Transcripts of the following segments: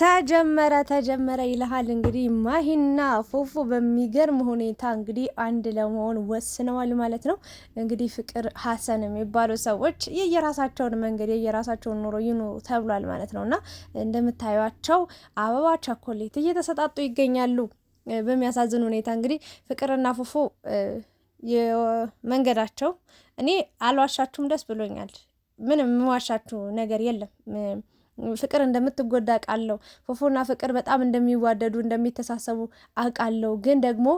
ተጀመረ ተጀመረ ይልሃል እንግዲህ ማሂና ፉፉ በሚገርም ሁኔታ እንግዲህ አንድ ለመሆን ወስነዋል ማለት ነው። እንግዲህ ፍቅር ሀሰን የሚባሉ ሰዎች የየራሳቸውን መንገድ የየራሳቸውን ኑሮ ይኑሩ ተብሏል ማለት ነው እና እንደምታዩቸው አበባ፣ ቸኮሌት እየተሰጣጡ ይገኛሉ በሚያሳዝን ሁኔታ እንግዲህ ፍቅርና ፉፉ መንገዳቸው እኔ አልዋሻችሁም፣ ደስ ብሎኛል። ምንም የምዋሻችሁ ነገር የለም። ፍቅር እንደምትጎዳ አውቃለሁ። ፎፎና ፍቅር በጣም እንደሚዋደዱ እንደሚተሳሰቡ አውቃለሁ። ግን ደግሞ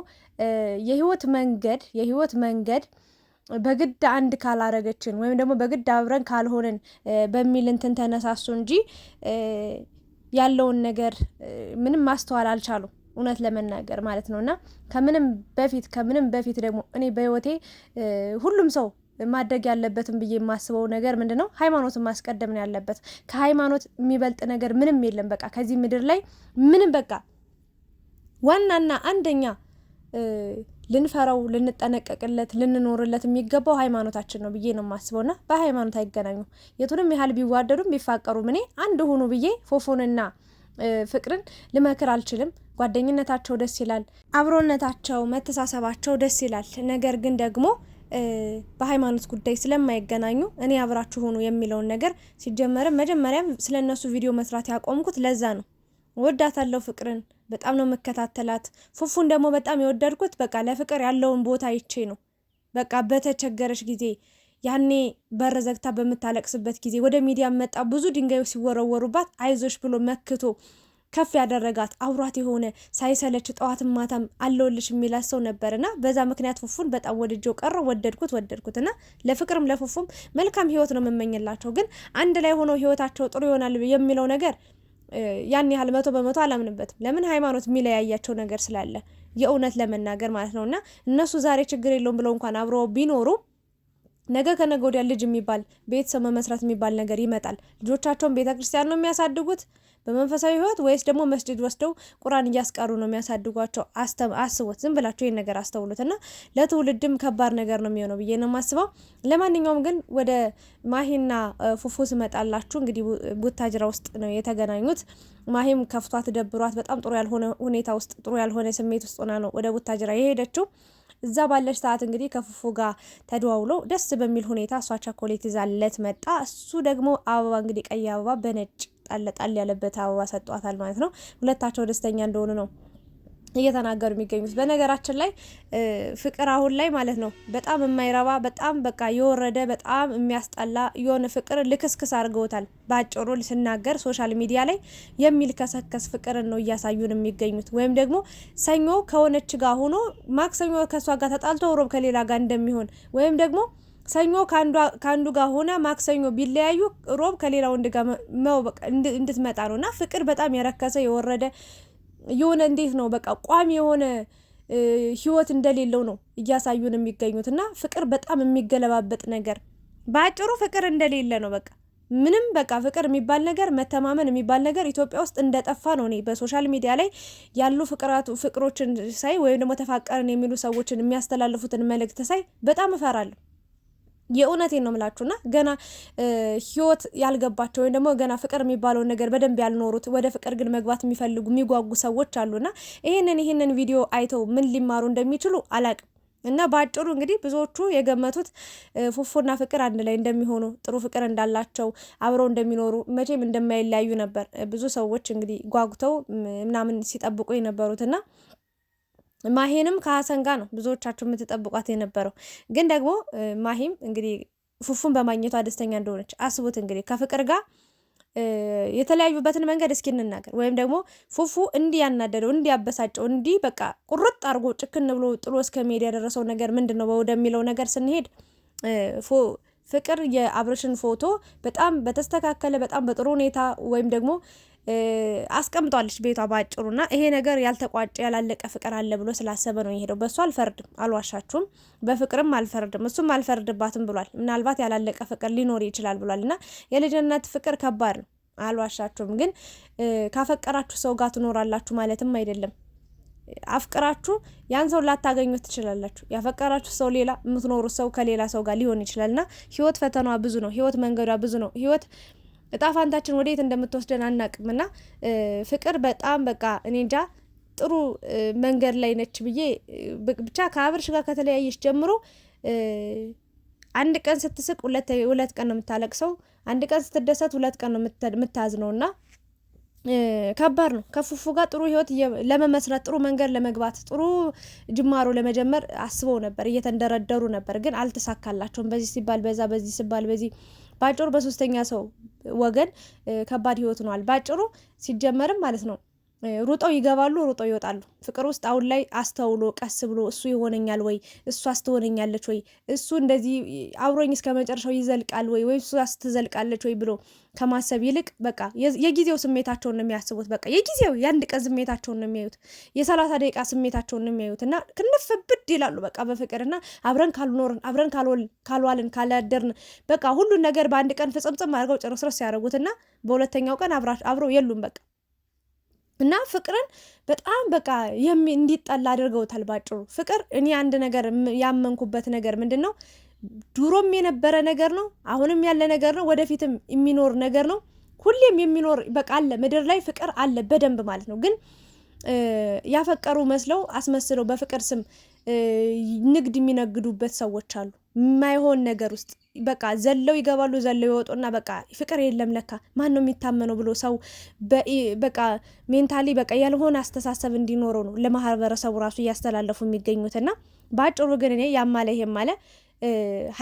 የህይወት መንገድ የህይወት መንገድ በግድ አንድ ካላረገችን ወይም ደግሞ በግድ አብረን ካልሆንን በሚል እንትን ተነሳሱ እንጂ ያለውን ነገር ምንም ማስተዋል አልቻሉም። እውነት ለመናገር ማለት ነው እና ከምንም በፊት ከምንም በፊት ደግሞ እኔ በህይወቴ ሁሉም ሰው ማድረግ ያለበትም ብዬ የማስበው ነገር ምንድ ነው? ሃይማኖትን ማስቀደም ነው ያለበት። ከሃይማኖት የሚበልጥ ነገር ምንም የለም። በቃ ከዚህ ምድር ላይ ምንም በቃ ዋናና አንደኛ ልንፈራው ልንጠነቀቅለት ልንኖርለት የሚገባው ሃይማኖታችን ነው ብዬ ነው ና በሃይማኖት አይገናኙ የቱንም ያህል ቢዋደዱም ቢፋቀሩ እኔ አንድ ሆኑ ብዬ ፎፎንና ፍቅርን ልመክር አልችልም። ጓደኝነታቸው ደስ ይላል፣ አብሮነታቸው፣ መተሳሰባቸው ደስ ይላል። ነገር ግን ደግሞ በሃይማኖት ጉዳይ ስለማይገናኙ እኔ አብራችሁ ሆኑ የሚለውን ነገር ሲጀመርም መጀመሪያም ስለ እነሱ ቪዲዮ መስራት ያቆምኩት ለዛ ነው። ወዳታለው ፍቅርን በጣም ነው መከታተላት። ፉፉን ደግሞ በጣም የወደድኩት በቃ ለፍቅር ያለውን ቦታ ይቼ ነው። በቃ በተቸገረች ጊዜ ያኔ በር ዘግታ በምታለቅስበት ጊዜ ወደ ሚዲያ መጣ። ብዙ ድንጋዮች ሲወረወሩባት አይዞሽ ብሎ መክቶ ከፍ ያደረጋት አብሯት የሆነ ሳይሰለች ጠዋትም ማታም አለውልሽ የሚላት ሰው ነበር እና በዛ ምክንያት ፉፉን በጣም ወድጄው ቀረው ወደድኩት ወደድኩት እና ለፍቅርም ለፉፉም መልካም ህይወት ነው የምመኝላቸው። ግን አንድ ላይ ሆነው ህይወታቸው ጥሩ ይሆናል የሚለው ነገር ያን ያህል መቶ በመቶ አላምንበትም። ለምን ሃይማኖት የሚለያያቸው ነገር ስላለ የእውነት ለመናገር ማለት ነው እና እነሱ ዛሬ ችግር የለውም ብለው እንኳን አብረው ቢኖሩም። ነገ ከነገ ወዲያ ልጅ የሚባል ቤተሰብ መመስረት የሚባል ነገር ይመጣል። ልጆቻቸውን ቤተ ክርስቲያን ነው የሚያሳድጉት በመንፈሳዊ ህይወት ወይስ ደግሞ መስጅድ ወስደው ቁርአን እያስቀሩ ነው የሚያሳድጓቸው? አስቡት። ዝም ብላቸው ይህን ነገር አስተውሉት እና ለትውልድም ከባድ ነገር ነው የሚሆነው ብዬ ነው የማስበው። ለማንኛውም ግን ወደ ማሂና ፉፉ ስመጣላችሁ እንግዲህ ቡታጅራ ውስጥ ነው የተገናኙት። ማሂም ከፍቷት ደብሯት በጣም ጥሩ ያልሆነ ሁኔታ ውስጥ ጥሩ ያልሆነ ስሜት ውስጥ ሆና ነው ወደ ቡታጅራ የሄደችው። እዛ ባለች ሰዓት እንግዲህ ከፉፉ ጋር ተደዋውሎ ደስ በሚል ሁኔታ እሷ ቸኮሌት ይዛለት መጣ። እሱ ደግሞ አበባ እንግዲህ ቀይ አበባ በነጭ ጣል ጣል ያለበት አበባ ሰጧታል ማለት ነው። ሁለታቸው ደስተኛ እንደሆኑ ነው እየተናገሩ የሚገኙት በነገራችን ላይ ፍቅር አሁን ላይ ማለት ነው በጣም የማይረባ በጣም በቃ የወረደ በጣም የሚያስጠላ የሆነ ፍቅር ልክስክስ አድርገውታል። በአጭሩ ስናገር ሶሻል ሚዲያ ላይ የሚልከሰከስ ፍቅርን ነው እያሳዩን የሚገኙት። ወይም ደግሞ ሰኞ ከሆነች ጋር ሆኖ ማክሰኞ ከእሷ ጋር ተጣልቶ ሮብ ከሌላ ጋር እንደሚሆን ወይም ደግሞ ሰኞ ከአንዱ ጋር ሆነ ማክሰኞ ቢለያዩ ሮብ ከሌላ ወንድ ጋር እንድትመጣ ነው እና ፍቅር በጣም የረከሰ የወረደ የሆነ እንዴት ነው በቃ ቋሚ የሆነ ህይወት እንደሌለው ነው እያሳዩን የሚገኙት እና ፍቅር በጣም የሚገለባበጥ ነገር በአጭሩ ፍቅር እንደሌለ ነው በቃ ምንም በቃ ፍቅር የሚባል ነገር መተማመን የሚባል ነገር ኢትዮጵያ ውስጥ እንደጠፋ ነው። እኔ በሶሻል ሚዲያ ላይ ያሉ ፍቅራቱ ፍቅሮችን ሳይ ወይም ደግሞ ተፋቀርን የሚሉ ሰዎችን የሚያስተላልፉትን መልእክት ሳይ በጣም እፈራለሁ። የእውነቴን ነው ምላችሁና ገና ህይወት ያልገባቸው ወይም ደግሞ ገና ፍቅር የሚባለውን ነገር በደንብ ያልኖሩት ወደ ፍቅር ግን መግባት የሚፈልጉ የሚጓጉ ሰዎች አሉና ይህንን ይህንን ቪዲዮ አይተው ምን ሊማሩ እንደሚችሉ አላቅም። እና በአጭሩ እንግዲህ ብዙዎቹ የገመቱት ፉፉና ፍቅር አንድ ላይ እንደሚሆኑ ጥሩ ፍቅር እንዳላቸው አብረው እንደሚኖሩ መቼም እንደማይለያዩ ነበር ብዙ ሰዎች እንግዲህ ጓጉተው ምናምን ሲጠብቁ የነበሩትና ማሄንም ከሀሰን ጋር ነው ብዙዎቻችሁ የምትጠብቋት የነበረው። ግን ደግሞ ማሂም እንግዲህ ፉፉን በማግኘቷ ደስተኛ እንደሆነች አስቡት። እንግዲህ ከፍቅር ጋር የተለያዩበትን መንገድ እስኪ እንናገር። ወይም ደግሞ ፉፉ እንዲህ ያናደደው እንዲህ ያበሳጨው እንዲህ በቃ ቁርጥ አድርጎ ጭክን ብሎ ጥሎ እስከ መሄድ ያደረሰው ነገር ምንድን ነው ወደሚለው ነገር ስንሄድ ፍቅር የአብርሽን ፎቶ በጣም በተስተካከለ በጣም በጥሩ ሁኔታ ወይም ደግሞ አስቀምጧለች ቤቷ በአጭሩና ይሄ ነገር ያልተቋጨ ያላለቀ ፍቅር አለ ብሎ ስላሰበ ነው የሄደው። በእሱ አልፈርድም፣ አልዋሻችሁም። በፍቅርም አልፈርድም፣ እሱም አልፈርድባትም ብሏል። ምናልባት ያላለቀ ፍቅር ሊኖር ይችላል ብሏል። እና የልጅነት ፍቅር ከባድ ነው፣ አልዋሻችሁም። ግን ካፈቀራችሁ ሰው ጋር ትኖራላችሁ ማለትም አይደለም። አፍቅራችሁ ያን ሰው ላታገኙ ትችላላችሁ። ያፈቀራችሁ ሰው ሌላ፣ የምትኖሩ ሰው ከሌላ ሰው ጋር ሊሆን ይችላል። ና ህይወት ፈተናዋ ብዙ ነው። ህይወት መንገዷ ብዙ ነው። ህይወት እጣ ፋንታችን ወዴት እንደምትወስደን አናቅምና ፍቅር በጣም በቃ እኔ እንጃ ጥሩ መንገድ ላይ ነች ብዬ ብቻ ከአብርሽ ጋር ከተለያየች ጀምሮ አንድ ቀን ስትስቅ ሁለት ቀን ነው የምታለቅሰው። አንድ ቀን ስትደሰት ሁለት ቀን ነው የምታዝነው እና ከባድ ነው። ከፉፉ ጋር ጥሩ ህይወት ለመመስረት ጥሩ መንገድ ለመግባት ጥሩ ጅማሮ ለመጀመር አስበው ነበር፣ እየተንደረደሩ ነበር፣ ግን አልተሳካላቸውም። በዚህ ሲባል በዛ፣ በዚህ ሲባል በዚህ ባጭሩ በሶስተኛ ሰው ወገን ከባድ ህይወት ነዋል። ባጭሩ ሲጀመርም ማለት ነው ሩጠው ይገባሉ፣ ሩጠው ይወጣሉ። ፍቅር ውስጥ አሁን ላይ አስተውሎ ቀስ ብሎ እሱ ይሆነኛል ወይ እሱ አስትሆነኛለች ወይ እሱ እንደዚህ አብሮኝ እስከ መጨረሻው ይዘልቃል ወይ ወይም እሱ ስትዘልቃለች ወይ ብሎ ከማሰብ ይልቅ በቃ የጊዜው ስሜታቸውን ነው የሚያስቡት። በቃ የጊዜው የአንድ ቀን ስሜታቸውን ነው የሚያዩት። የሰላሳ ደቂቃ ስሜታቸውን ነው የሚያዩት እና ክንፍብድ ይላሉ በቃ በፍቅርና አብረን ካልኖርን አብረን ካልዋልን ካላደርን በቃ ሁሉን ነገር በአንድ ቀን ፍጽምጽም አድርገው ጭርስርስ ያደረጉትና በሁለተኛው ቀን አብረው የሉም በቃ እና ፍቅርን በጣም በቃ እንዲጠላ አድርገውታል። ባጭሩ ፍቅር እኔ አንድ ነገር ያመንኩበት ነገር ምንድን ነው፣ ድሮም የነበረ ነገር ነው፣ አሁንም ያለ ነገር ነው፣ ወደፊትም የሚኖር ነገር ነው። ሁሌም የሚኖር በቃ አለ፣ ምድር ላይ ፍቅር አለ በደንብ ማለት ነው። ግን ያፈቀሩ መስለው አስመስለው በፍቅር ስም ንግድ የሚነግዱበት ሰዎች አሉ፣ የማይሆን ነገር ውስጥ በቃ ዘለው ይገባሉ፣ ዘለው ይወጡና በቃ ፍቅር የለም ለካ ማን ነው የሚታመነው ብሎ ሰው በቃ ሜንታሊ በቃ ያልሆነ አስተሳሰብ እንዲኖረው ነው ለማህበረሰቡ ራሱ እያስተላለፉ የሚገኙትና በአጭሩ ግን እኔ ያማለ ይሄም አለ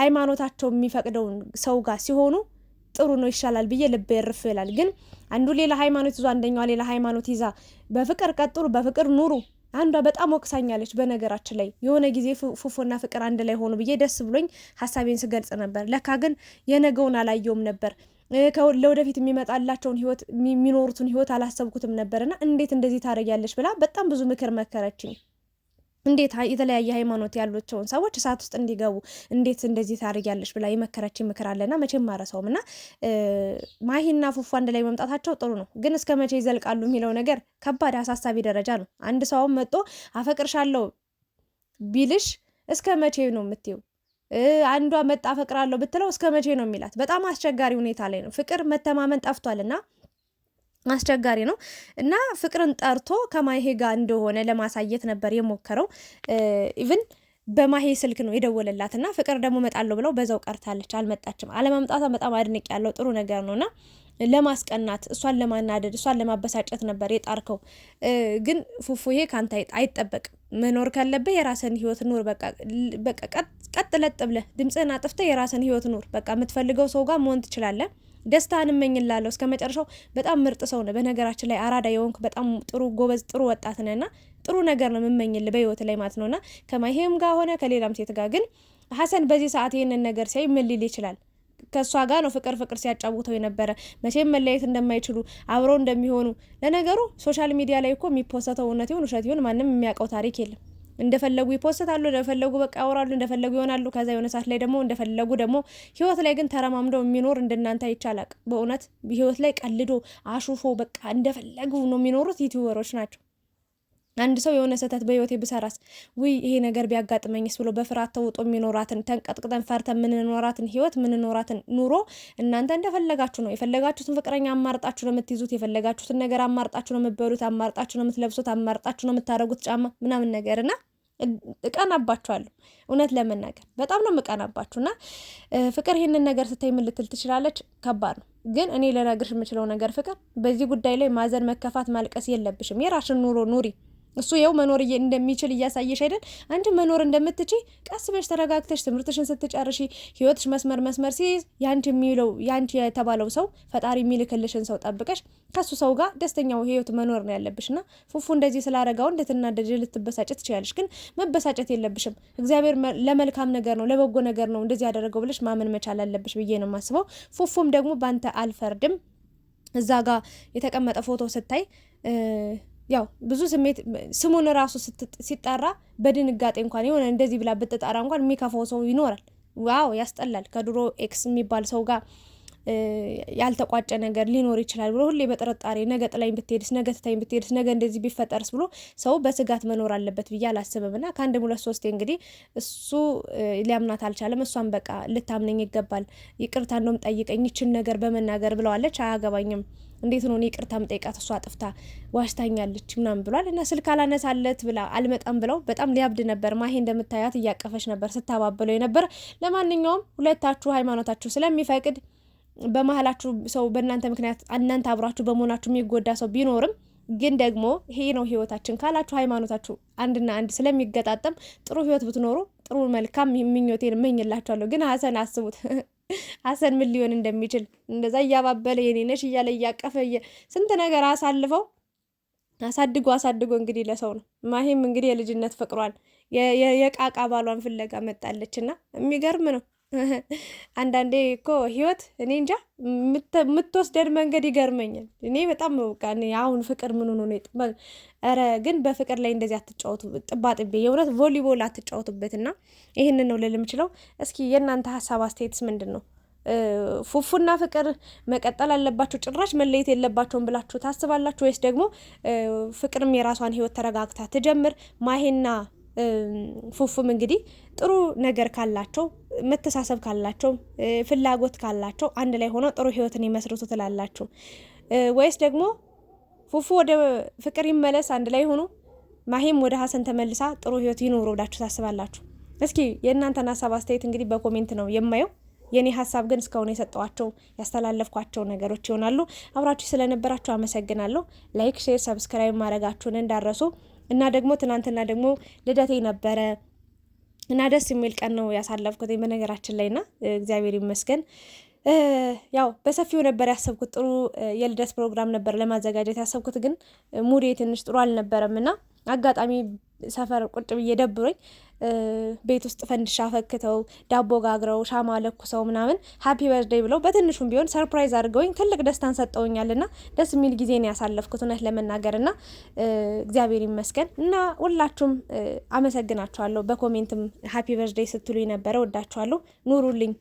ሃይማኖታቸው የሚፈቅደውን ሰው ጋር ሲሆኑ ጥሩ ነው ይሻላል ብዬ ልብ ይርፍ ይላል። ግን አንዱ ሌላ ሃይማኖት ይዞ አንደኛዋ ሌላ ሃይማኖት ይዛ በፍቅር ቀጥሉ፣ በፍቅር ኑሩ አንዷ በጣም ወቅሳኛለች። በነገራችን ላይ የሆነ ጊዜ ፉፉና ፍቅር አንድ ላይ ሆኑ ብዬ ደስ ብሎኝ ሀሳቤን ስገልጽ ነበር። ለካ ግን የነገውን አላየውም ነበር ለወደፊት የሚመጣላቸውን ህይወት የሚኖሩትን ህይወት አላሰብኩትም ነበርና እንዴት እንደዚህ ታደርጊያለች ብላ በጣም ብዙ ምክር መከረችኝ። እንዴት የተለያየ ሃይማኖት ያላቸውን ሰዎች እሳት ውስጥ እንዲገቡ እንዴት እንደዚህ ታደርጊያለሽ ብላ የመከረችኝ ምክር አለና መቼም አረሳውም። እና ማሂና ፉፉ አንድ ላይ መምጣታቸው ጥሩ ነው፣ ግን እስከ መቼ ይዘልቃሉ የሚለው ነገር ከባድ አሳሳቢ ደረጃ ነው። አንድ ሰውም መጦ አፈቅርሻለሁ ቢልሽ እስከ መቼ ነው የምትይው? አንዷ መጣ አፈቅራለሁ ብትለው እስከ መቼ ነው የሚላት? በጣም አስቸጋሪ ሁኔታ ላይ ነው። ፍቅር መተማመን ጠፍቷል እና አስቸጋሪ ነው እና ፍቅርን ጠርቶ ከማሄ ጋር እንደሆነ ለማሳየት ነበር የሞከረው። ኢቭን በማሄ ስልክ ነው የደወለላት እና ፍቅር ደግሞ መጣለሁ ብለው በዛው ቀርታለች፣ አልመጣችም። አለማምጣቷ በጣም አድንቅ ያለው ጥሩ ነገር ነው እና ለማስቀናት እሷን ለማናደድ እሷን ለማበሳጨት ነበር የጣርከው። ግን ፉፉዬ ከአንተ አይጠበቅም። መኖር ካለብህ የራስን ህይወት ኑር። በቃ ቀጥ ለጥ ብለህ ድምፅህን አጥፍተህ የራስን ህይወት ኑር። በቃ የምትፈልገው ሰው ጋር መሆን ትችላለህ። ደስታን እመኝላለሁ እስከ መጨረሻው። በጣም ምርጥ ሰው ነው። በነገራችን ላይ አራዳ የሆንክ በጣም ጥሩ ጎበዝ፣ ጥሩ ወጣት ነህና ጥሩ ነገር ነው የምመኝልህ በህይወት ላይ ማለት ነው ነውና ከማይሄም ጋር ሆነ ከሌላም ሴት ጋር ግን ሀሰን በዚህ ሰዓት ይህንን ነገር ሲያይ ምን ሊል ይችላል? ከእሷ ጋር ነው ፍቅር ፍቅር ሲያጫውተው የነበረ መቼም መለየት እንደማይችሉ አብረው እንደሚሆኑ። ለነገሩ ሶሻል ሚዲያ ላይ እኮ የሚፖሰተው እውነት ይሁን ውሸት ይሁን ማንም የሚያውቀው ታሪክ የለም። እንደፈለጉ ይፖስታሉ፣ እንደፈለጉ በቃ ያወራሉ፣ እንደፈለጉ ይሆናሉ። ከዛ የሆነ ሰዓት ላይ ደግሞ እንደፈለጉ ደግሞ ህይወት ላይ ግን ተረማምደው የሚኖር እንደናንተ ይቻላል። በእውነት ህይወት ላይ ቀልዶ አሹፎ በቃ እንደፈለጉ ነው የሚኖሩት ዩቲዩበሮች ናቸው። አንድ ሰው የሆነ ስህተት በህይወቴ ብሰራስ ውይ ይሄ ነገር ቢያጋጥመኝስ ብሎ በፍርሃት ተውጦ የሚኖራትን ተንቀጥቅጠን ፈርተን ምንኖራትን ህይወት ምንኖራትን ኑሮ እናንተ እንደፈለጋችሁ ነው። የፈለጋችሁትን ፍቅረኛ አማርጣችሁ ነው የምትይዙት። የፈለጋችሁትን ነገር አማርጣችሁ ነው የምትበሉት። አማርጣችሁ ነው የምትለብሱት። አማርጣችሁ ነው የምታደርጉት ጫማ ምናምን ነገር እና እቀናባችኋለሁ። እውነት ለመናገር በጣም ነው የምቀናባችሁ። እና ፍቅር ይህንን ነገር ስታይ ምን ልትል ትችላለች? ከባድ ነው። ግን እኔ ልነግርሽ የምችለው ነገር ፍቅር፣ በዚህ ጉዳይ ላይ ማዘን፣ መከፋት፣ ማልቀስ የለብሽም። የራሽን ኑሮ ኑሪ። እሱ ያው መኖር እንደሚችል እያሳየሽ አይደል? አንቺ መኖር እንደምትች ቀስ በሽ ተረጋግተሽ ትምህርትሽን ስትጨርሺ ህይወትሽ መስመር መስመር ሲይዝ ያንቺ የሚለው ያንቺ የተባለው ሰው ፈጣሪ የሚልክልሽን ሰው ጠብቀሽ ከሱ ሰው ጋር ደስተኛው ህይወት መኖር ነው ያለብሽ። ና ፉፉ እንደዚህ ስላረጋው እንደትናደድ ልትበሳጭ ትችላለሽ፣ ግን መበሳጨት የለብሽም። እግዚአብሔር ለመልካም ነገር ነው ለበጎ ነገር ነው እንደዚህ ያደረገው ብለሽ ማመን መቻል አለብሽ ብዬ ነው የማስበው። ፉፉም ደግሞ በአንተ አልፈርድም። እዛ ጋር የተቀመጠ ፎቶ ስታይ ያው ብዙ ስሜት ስሙን ራሱ ሲጠራ በድንጋጤ እንኳን የሆነ እንደዚህ ብላ ብትጠራ እንኳን የሚከፋው ሰው ይኖራል። ዋው ያስጠላል። ከድሮ ኤክስ የሚባል ሰው ጋር ያልተቋጨ ነገር ሊኖር ይችላል ብሎ ሁሌ በጥርጣሬ ነገ ጥላኝ ብትሄድስ፣ ነገ ትታኝ ብትሄድስ፣ ነገ እንደዚህ ቢፈጠርስ ብሎ ሰው በስጋት መኖር አለበት ብዬ አላስብም። እና ከአንድ ሁለት ሶስቴ እንግዲህ እሱ ሊያምናት አልቻለም። እሷን በቃ ልታምነኝ ይገባል፣ ይቅርታ እንደውም ጠይቀኝ ይችን ነገር በመናገር ብለዋለች። አያገባኝም እንዴት ነው እኔ ይቅርታ ምጠይቃት እሷ አጥፍታ ዋሽታኛለች ምናምን ብሏል። እና ስልክ አላነሳለት ብላ አልመጣም ብለው በጣም ሊያብድ ነበር። ማሄ እንደምታያት እያቀፈች ነበር ስታባብለው የነበር ለማንኛውም ሁለታችሁ ሃይማኖታችሁ ስለሚፈቅድ በመሀላችሁ ሰው በእናንተ ምክንያት እናንተ አብሯችሁ በመሆናችሁ የሚጎዳ ሰው ቢኖርም ግን ደግሞ ይሄ ነው ህይወታችን ካላችሁ ሃይማኖታችሁ አንድና አንድ ስለሚገጣጠም ጥሩ ህይወት ብትኖሩ ጥሩ መልካም ምኞቴን እመኝላችኋለሁ። ግን ሀሰን አስቡት። ሀሰን ምን ሊሆን እንደሚችል እንደዛ እያባበለ ነሽ እያለ እያቀፈ ስንት ነገር አሳልፈው አሳድጎ አሳድጎ እንግዲህ ለሰው ነው። ማሂም እንግዲህ የልጅነት ፍቅሯን የቃቃ ባሏን ፍለጋ መጣለች እና የሚገርም ነው። አንዳንዴ እኮ ህይወት እኔ እንጃ የምትወስደን መንገድ ይገርመኛል። እኔ በጣም በቃ አሁን ፍቅር ምን ሆኖ ነው? ኧረ ግን በፍቅር ላይ እንደዚህ አትጫወቱ። ጥባጥቤ የእውነት ቮሊቦል አትጫወቱበት። እና ይህንን ነው ልል የምችለው። እስኪ የእናንተ ሀሳብ አስተያየትስ ምንድን ነው? ፉፉና ፍቅር መቀጠል አለባቸው ጭራሽ መለየት የለባቸውም ብላችሁ ታስባላችሁ? ወይስ ደግሞ ፍቅርም የራሷን ህይወት ተረጋግታ ትጀምር ማሄና ፉፉም እንግዲህ ጥሩ ነገር ካላቸው መተሳሰብ ካላቸው ፍላጎት ካላቸው አንድ ላይ ሆነው ጥሩ ህይወትን ይመስርቱ ትላላችሁ ወይስ ደግሞ ፉፉ ወደ ፍቅር ይመለስ አንድ ላይ ሆኑ ማሂም ወደ ሀሰን ተመልሳ ጥሩ ህይወት ይኖሩ ብላችሁ ታስባላችሁ? እስኪ የእናንተን ሀሳብ አስተያየት እንግዲህ በኮሜንት ነው የማየው። የኔ ሀሳብ ግን እስካሁን የሰጠዋቸው ያስተላለፍኳቸው ነገሮች ይሆናሉ። አብራችሁ ስለነበራችሁ አመሰግናለሁ። ላይክ፣ ሼር፣ ሰብስክራይብ ማድረጋችሁን እንዳረሱ እና ደግሞ ትናንትና ደግሞ ልደቴ ነበረ እና ደስ የሚል ቀን ነው ያሳለፍኩት በነገራችን ላይ እና እግዚአብሔር ይመስገን ያው በሰፊው ነበር ያሰብኩት። ጥሩ የልደት ፕሮግራም ነበር ለማዘጋጀት ያሰብኩት፣ ግን ሙዴ ትንሽ ጥሩ አልነበረም እና አጋጣሚ ሰፈር ቁጭ ብዬ ደብሮኝ ቤት ውስጥ ፈንድሻ ፈክተው ዳቦ ጋግረው ሻማ ለኩሰው ምናምን ሀፒ በርዴይ ብለው በትንሹም ቢሆን ሰርፕራይዝ አድርገውኝ ትልቅ ደስታን ሰጠውኛል እና ደስ የሚል ጊዜ ነው ያሳለፍኩት እውነት ለመናገር እና እግዚአብሔር ይመስገን እና ሁላችሁም አመሰግናችኋለሁ። በኮሜንትም ሀፒ በርዴይ ስትሉኝ ነበረ። ወዳችኋለሁ። ኑሩልኝ።